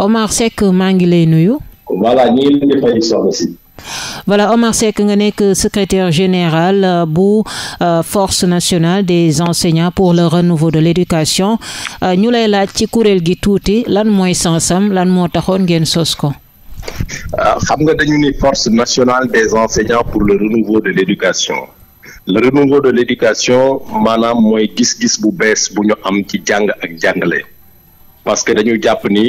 Omar Seck maa ngi lay nuyu. voilà ñu ngi leen Omar Seck nga nekk secretaire général bu euh, force nationale des enseignants pour le renouveau de l'éducation euh, ñu lay laaj ci kuréel gi tuuti lan mooy sansam lan moo taxoon ngeen sos ko. Ah, xam nga dañu ni force nationale des enseignants pour le renouveau de l'éducation le renouveau de l'éducation maanaam mooy gis-gis bu bees bu ñu am ci jàng ak jàngale parce que dañu jàpp ni.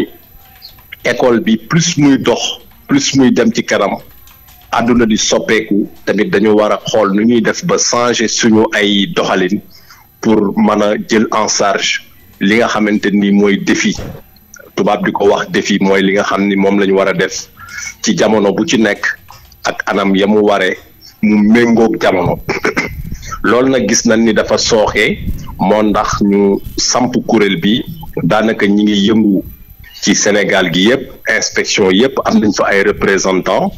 école bi plus muy dox plus muy dem ci kanam àdduna di soppeeku tamit dañu war a xool nu ñuy def ba changer suñu ay doxalin pour mën a jël en charge li nga xamante ni mooy defi tubaab di ko wax défi mooy li nga xam ni moom la ñu war a def ci jamono bu ci nekk ak anam yamu waree mu méngook jamono loolu nag gis nañ ni dafa sooxee moo ndax ñu samp kuréel bi daanaka ñi ngi yëngu ci Sénégal gi yëpp inspection yëpp am nañ fa ay représentants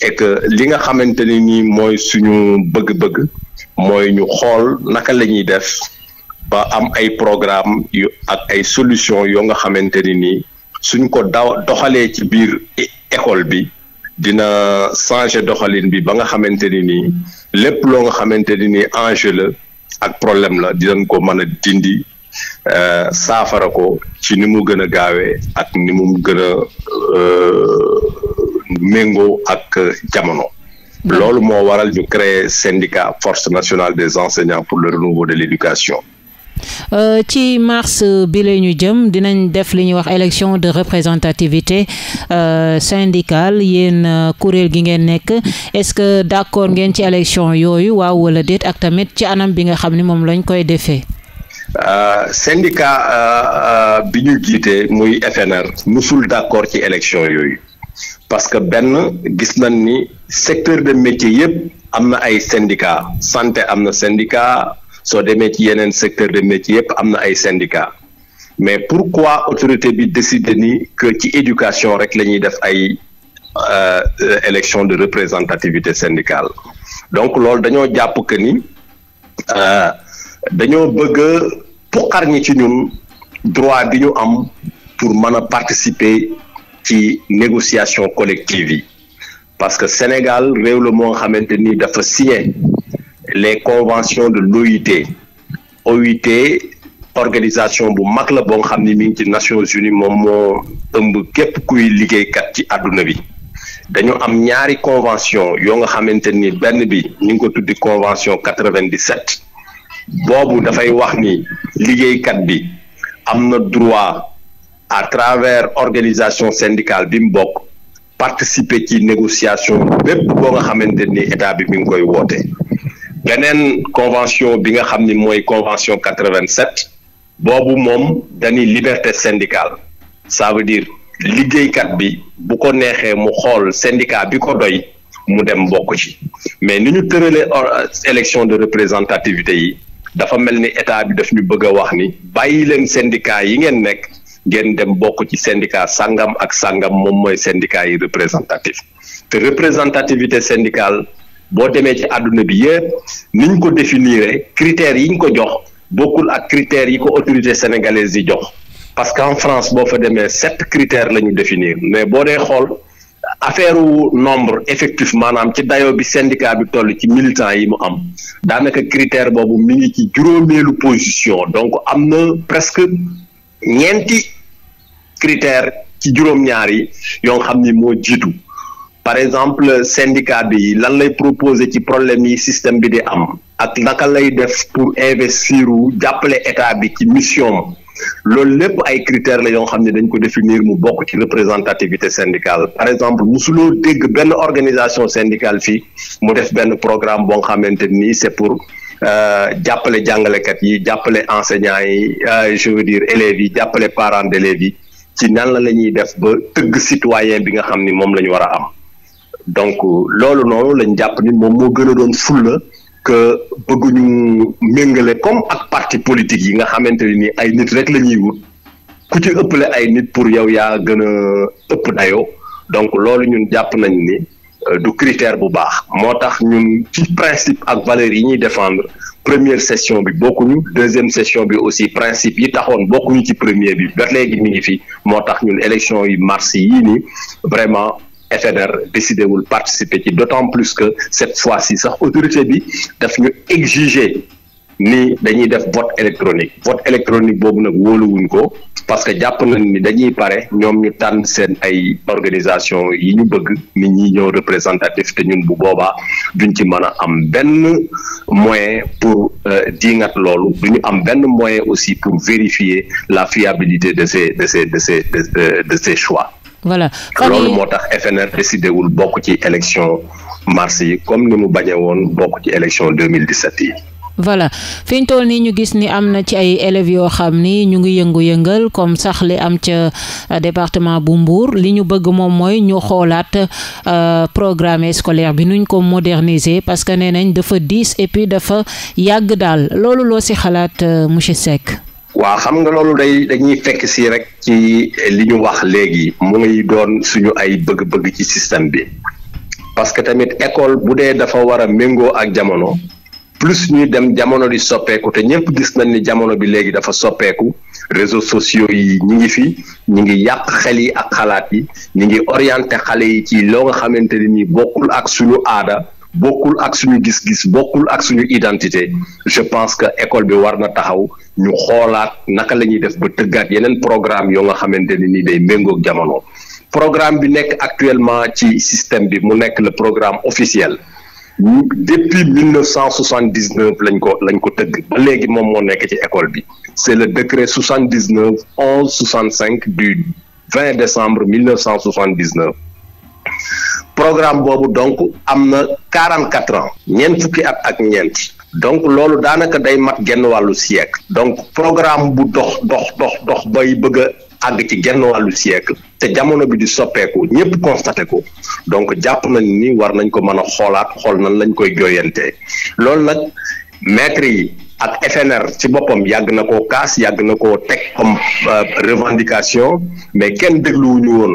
et que li nga xamante ni nii mooy suñu bëgg-bëgg mooy ñu xool naka la ñuy def ba am ay programme yu ak ay solution yoo nga xamante ni nii suñ ko daw doxalee ci biir école bi dina changer doxalin bi ba nga xamante ni nii lépp loo nga xamante ni nii enjeu la ak problème la dinañ ko mën a dindi Euh, saafara ko ci ni mu gën a gaawee ak ni mu gën a euh, méngoo ak jamono. loolu moo waral ñu créer syndicat force nationale des enseignants pour le renouveau de l'éducation. Euh, ci mars bi la ñu jëm dinañ def li ñuy wax élection de représentativité euh, syndicale yéen uh, kuréel gi ngeen nekk est-ce que d'accord ngeen ci élection yooyu waaw wala déet ak tamit ci anam bi nga xam ni moom lañ koy defee. Euh, syndicat euh, euh, bi ñu jiite muy FNR musul d'accord ci élection yooyu parce que benn gis nañ ni secteur de métier yëpp am na ay syndicat santé am na syndicat soo demee ci yeneen secteur de métier yëpp am na ay syndicat mais pour pourquoi autorité bi décider ni que ci éducation rek la ñuy def ay élection de représentativité syndicale donc loolu dañoo jàpp que ni. Euh, dañoo bëgg a puqar ñi ci ñun droit bi ñu am pour mën a participer ci négociation collective yi parce que Sénégal réew la moo xamante ni dafa signé les conventions de l'OIT OIT organisation bu mag la boo xam ni mi ngi ci Nations Unies moom moo ëmb képp kuy liggéeykat ci àdduna bi dañu am ñaari convention yoo nga xamante ni benn bi ñu ngi ko tuddi convention quatre-vingt-dix-sept boobu dafay wax ni liggéeykat bi am na droit à travers organisation syndicale bi mu bokk participer ci négociation bépp boo nga xamante ni état bi mi ngi koy woote beneen convention bi nga xam ni mooy convention quatre-vingt-sept boobu moom dañuy liberté syndicale ça veut dire liggéeykat bi bu ko neexee mu xool syndicat bi ko doy mu dem bokk ci mais ni ñu tëralee élection de représentativité yi dafa mel ni état bi daf ñu bëgg a wax ni bàyyi leen syndicat yi ngeen nekk ngeen dem bokk ci syndicat sangam ak sangam moom mooy syndicat yi représentatif te représentativité syndicale boo demee ci àdduna bi yëpp ni ñu ko définiré critères yi ñu ko jox bokkul ak critères yi ko autorité sénégalaise yi jox parce que en France boo fa demee sept critères la ñu définir mais boo dee xool. affaire wu nombre effectif maanaam ci dayoo bi syndicat bi toll ci militant yi mu am daanaka critère boobu mi ngi ci juróomeelu position donc am na presque ñeenti critère ci juróom-ñaar yoo xam ni moo jiitu par exemple syndicat bi lan lay proposer ci problème yi système bi di am ak naka lay def pour investir wu jàppale état bi ci mission loolu lépp ay critères la yoo xam ne dañ ko définir mu bokk ci représentativité syndicale par exemple musuloo dégg benn organisation syndicale fii mu def benn programme boo xamante ni c'est pour euh, jàppale jàngalekat yi jàppale enseignants yi euh, je veux dire élèves yi jàppale parents d'élèves yi ci nan la la ñuy def ba tëgg citoyen bi nga xam ni moom la ñu war a am donc euh, loolu noonu lañ jàpp ni moom moo gën a doon fulla que bëgguñu méngale comme ak parti politique yi nga xamante ne ni ay nit rek la ñuy wut ku ci le ay nit pour yow yaa gën a ëpp dayoo donc loolu ñun jàpp nañ ni euh, du critère bu baax moo tax ñun ci principe ak valeurs yi ñuy défendre première session bi bokkuñu deuxième session bi aussi principe yi taxoon bokkuñu ci premier bi ba léegi mi ngi fi moo tax ñun élection yi mars yii nii vraiment FNR décidé wul participer ci d'autant plus que cette fois-ci sax autorité bi daf ñu exiger ni dañuy def vote électronique vote électronique boobu nag wóoluwuñ ko parce que jàpp nañ ni dañuy pare ñoom ñu tànn seen ay organisation yi ñu bëgg ni ñi ñëw représentatif te ñun bu boobaa duñ ci mën a am benn moyen pour euh, diingat loolu ñu am benn moyen aussi pour vérifier la fiabilité de ces de ces de ces de euh, ces choix voilà loolu moo tax FNR décidé bokk ci élection mars yi comme ni mu bañe bokk ci élection yi. voilà fiñ ñu toll nii ñu gis ni am na ci ay élèves yoo xam ni ñu ngi yëngu-yëngal comme sax li am ca euh, département bu mbuur li ñu bëgg moom mooy ñu xoolaat euh, programme scolaire bi nuñ ko moderniser parce que nee nañ dafa diis et dafa yàgg daal loolu loo ci xalaat euh, monsieur Seck. waa xam nga loolu day dañuy fekk si rek ci li ñu wax léegi mooy doon suñu ay bëgg-bëgg ci système bi parce que tamit école bu dee dafa war a méngoo ak jamono plus ñuy dem jamono di soppeeku te ñëpp gis nañ ni jamono bi léegi dafa soppeeku réseau sociaux yi ñi ngi fi ñi ngi yàq xel yi ak xalaat yi ñi ngi orienté xale yi ci loo nga xamante ni bokkul ak suñu aada bokkul ak suñu gis-gis bokkul ak suñu identité je pense que école bi war na taxaw ñu xoolaat naka la ñuy def ba tëggaat yeneen programme yoo nga xamante ne nii day méngoog jamono programme bi nekk actuellement ci système bi mu nekk le programme officiel depuis 1979 lañ ko lañ ko tëgg ba léegi moom moo nekk ci école bi c'est le décret 79 1165 du 20 décembre 1979 programme boobu donc am na quarante quatre ans ñeent fukki at ak ñeent donc loolu daanaka day mat genn wàllu siècle donc programme bu dox dox dox dox bay bëgg a àgg ci genn wàllu siècle te jamono bi di soppeeku ñëpp constaté ko donc jàpp nañ ni war nañ ko mën a xoolaat xool nan lañ koy jooyantee loolu nag maître yi ak FNR ci boppam yàgg na ko kaas yàgg na koo teg comme euh, revendication mais kenn dégluwuñu woon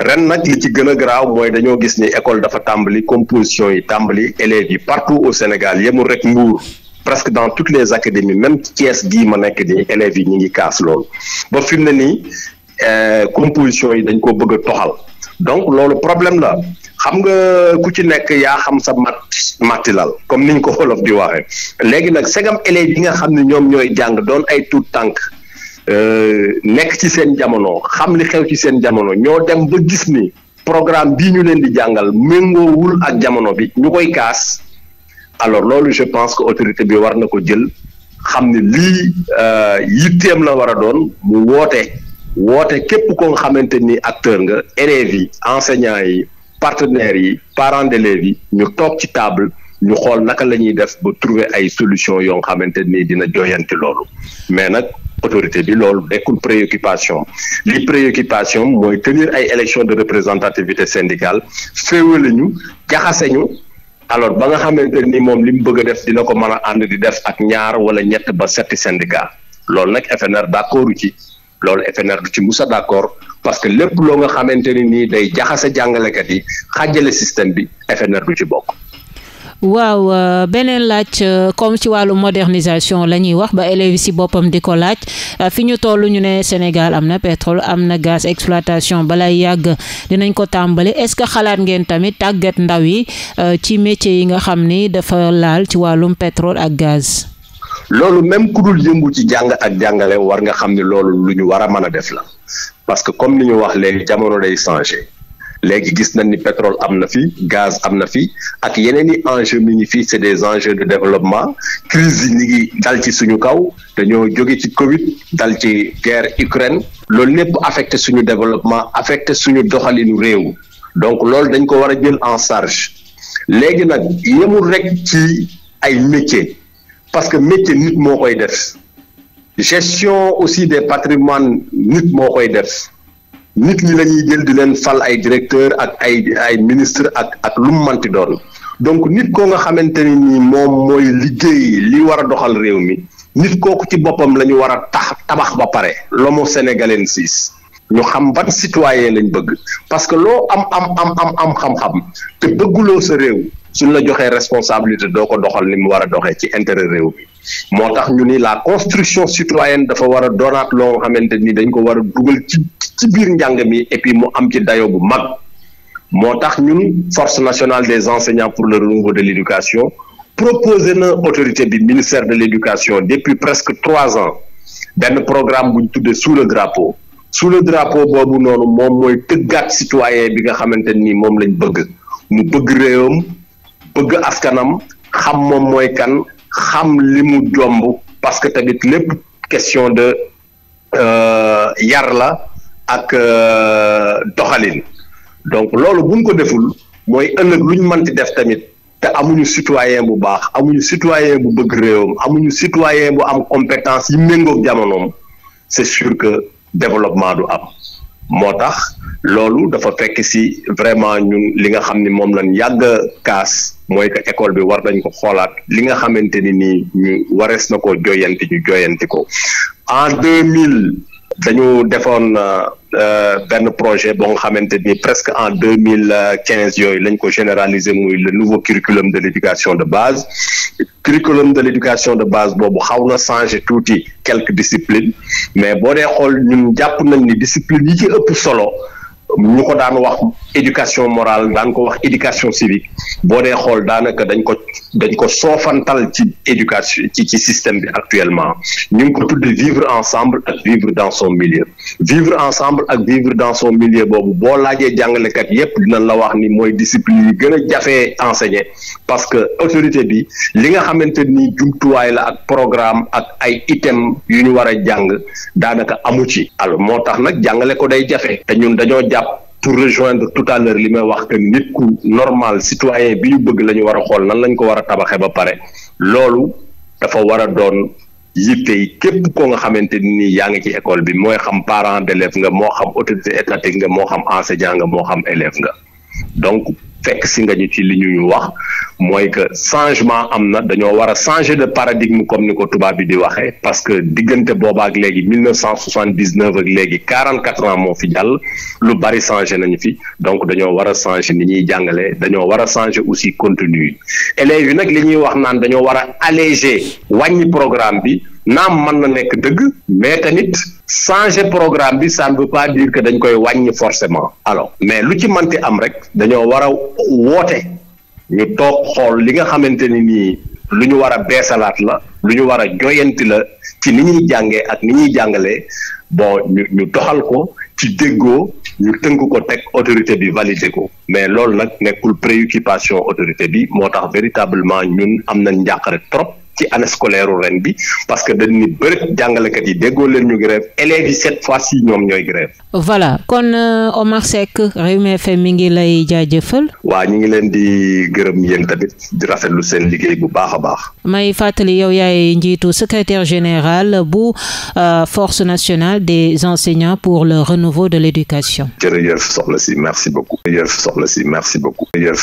ren nag li ci gën a garaaw mooy dañoo gis ni école dafa tàmbali composition yi tàmbali élèves yi partout au Sénégal yemul rek Mbuur presque dans toutes les académies même Thiès gii ma nekk di élèves yi ñu ngi kaas loolu ba fi mu ne nii eh, composition yi dañ ko bëgg a toxal donc loolu problème la xam nga ku ci nekk yaa xam sa mat mattilal comme niñ ko wolof di waxee léegi nag segam élèves yi nga xam ne ñoom ñooy jàng doon ay tuut tànk Euh, nekk ci seen jamono xam li xew ci seen jamono ñoo dem ba gis ni programme bii ñu leen di jàngal méngoowul ak jamono bi ñu koy kaas alors loolu je pense que autorité bi war na ko jël xam ne lii euh, yitteem la war a doon mu woote woote képp ko nga xamante ni acteur nga élèves yi enseignants yi partenaires yi parents d'élèves yi ñu toog ci table ñu xool naka la ñuy def ba trouver ay solution yoo nga xamante ni dina jooyanti loolu mais nag autorité bi loolu nekkul préoccupation li préoccupation mooy tenir ay élection de représentativité syndicale féewale ñu jaxase ñu alors ba nga xamante ni moom li mu bëgg a def dina ko mën a ànd di def ak ñaar wala ñett ba setti syndicat loolu nag FNR d'accord ci loolu FNR du ci musa d'accord parce que lépp loo nga xamante ni nii day jaxase jàngalekat yi xàjjale système bi FNR du ci bokk waaw euh, beneen laaj euh, comme ci wàllu modernisation la ñuy wax ba élèves yi si boppam di ko laaj euh, fi ñu toll ñu ne Sénégal am na pétrole am na gaz exploitation balay yàgg dinañ ko tàmbali est-ce que xalaat ngeen tamit tàggat ndaw yi ci métier yi nga xam ni dafa laal ci wàllum pétrole ak gaz. loolu même ku dul yëngu ci jàng ak jàngale war nga xam ni loolu lu ñu war a mën a def la parce que comme ni ñu wax léegi jamono day changé léegi gis nañ ni pétrole am na fi gaz am na fi ak yeneen i enjeux mi ngi fii c'est des enjeux de développement crise yi ñu dal ci suñu kaw dañoo joge ci Covid dal ci guerre Ukraine loolu lépp affecté suñu développement affecté suñu doxalinu réew donc loolu dañ ko war a jël en charge léegi nag yemul rek ci ay métiers parce que métier nit moo koy def gestion aussi des patrimoines nit moo koy def nit ñi lañuy jël di leen fal ay directeur ak ay ay ministre ak ak lu mu manti doon donc nit koo nga xamante ni moom mooy liggéey li war a doxal réew mi nit kooku ci boppam lañu ñu war a tax tabax ba pare l'homo sénégalensis ñu xam ban citoyen lañ bëgg parce que loo am am am am am xam-xam te bëgguloo sa réew suñ la joxee responsabilité doo ko doxal ni mu war a doxee ci intérêt réew mi moo tax ñu ni la construction citoyenne dafa war a doonaat xamante ni dañ ko war a dugal ci ci biir njàng mi et puis mu am ci dayo bu mag moo tax ñun force nationale des enseignants pour le renouveau de l'éducation proposé na autorité bi ministère de l'éducation depuis presque trois ans benn programme bu ñu tuddee sous le drapeau sous le boobu noonu moom mooy tëggaat citoyen bi nga xamante nii moom lañ bëgg mu bëgg réewam bëgg askanam xam moom mooy kan xam li mu jomb parce que tamit lépp question de euh, yar la ak euh, doxalin donc loolu buñ ko deful mooy ëllëg lu ñu mënti def tamit te amuñu citoyen bu baax amuñu citoyen bu bëgg réewam amuñu citoyen bu am compétence yi méngoog jamonoom c'est sûr que développement du am moo tax loolu dafa fekk si vraiment ñun li nga xam ni moom lañ yàgg a kaas mooy que école bi war nañ ko xoolaat li nga xamante ni nii ñu warees na ko joyanti ñu joyanti ko en deux mille dañu defoon euh, benn projet boo nga xamante ni presque en deux mille quinze yooyu lañ ko généraliser muy le nouveau curriculum de l'éducation de base curriculum de l'éducation de base boobu xaw na changer tuuti quelques disciplines mais boo dee xool ñu jàpp nañ ni discipline yi ci ëpp solo ñu ko daan wax éducation morale daan ko wax éducation civique boo dee xool daanaka dañ ko dañ ko soofantal ci éducation ci ci système bi actuellement ñu ngi ko tudde vivre ensemble ak vivre dans son milieu vivre ensemble ak vivre dans son milieu boobu boo laajee jàngalekat yépp dinañ la wax ni mooy discipline yi gën a jafee enseigner parce que autorité bi li nga xamante ni jumtuwaay la ak programme ak ay item yu ñu war a jàng daanaka amu ci alors moo tax nag jàngale ko day jafe pour rejoindre tout à l'heure li may wax que nit ku normal citoyen bi ñu bëgg la ñu war a xool nan lañ ko war a tabaxee ba pare loolu dafa war a doon yittey képp koo nga xamante ni yaa ngi ci école bi mooy xam parent d'élève nga moo xam autorité étatique nga moo xam enseignant nga moo xam élève nga donc fekk si nga ñu ci li ñu ñu wax mooy que changement am na dañoo war a changer de paradigme comme ni ko tubaab bi di waxee parce que diggante boobaak léegi mille neuf cent soixante dix neuf ak léegi quarante quatre ans moo fi jàll lu bari changé nañu fi donc dañoo war a changer ni ñuy jàngalee dañoo war a changer aussi contenu yi élèves yi nag li ñuy wax naan dañoo war a alléger wàññi programme bi naam man na nekk dëgg mais tamit changer programme bi ça ne veut pas dire que dañ koy wàññi forcément alors mais lu ci mënti am rek dañoo war a woote ñu toog xool li nga xamante ni nii lu ñu war a beesalaat la lu ñu war a joyanti la ci ni ñuy jàngee ak ni ñuy jàngalee bon ñu ñu doxal ko ci déggoo ñu tënk ko teg autorité bi validé ko mais loolu nag nekkul préoccupation autorité bi moo tax véritablement ñun am na njàqare trop ci année scolaire ren bi parce que dañ ni bëri jàngalekat yi déggoo leen ñu grève élèves yi cette fois ci ñoom ñooy grève. voilà kon euh, Omar Seck Rewmi FM mi ngi lay jaajëfal. waa ñu ngi leen di gërëm yéen tamit rafet lu seen liggéey bu baax a baax. may fàttali yow yaay njiitu secrétaire général bu euh, force nationale des enseignants pour le renouveau de l'éducation. jërëjëf soxna si merci beaucoup. jërëjëf soxna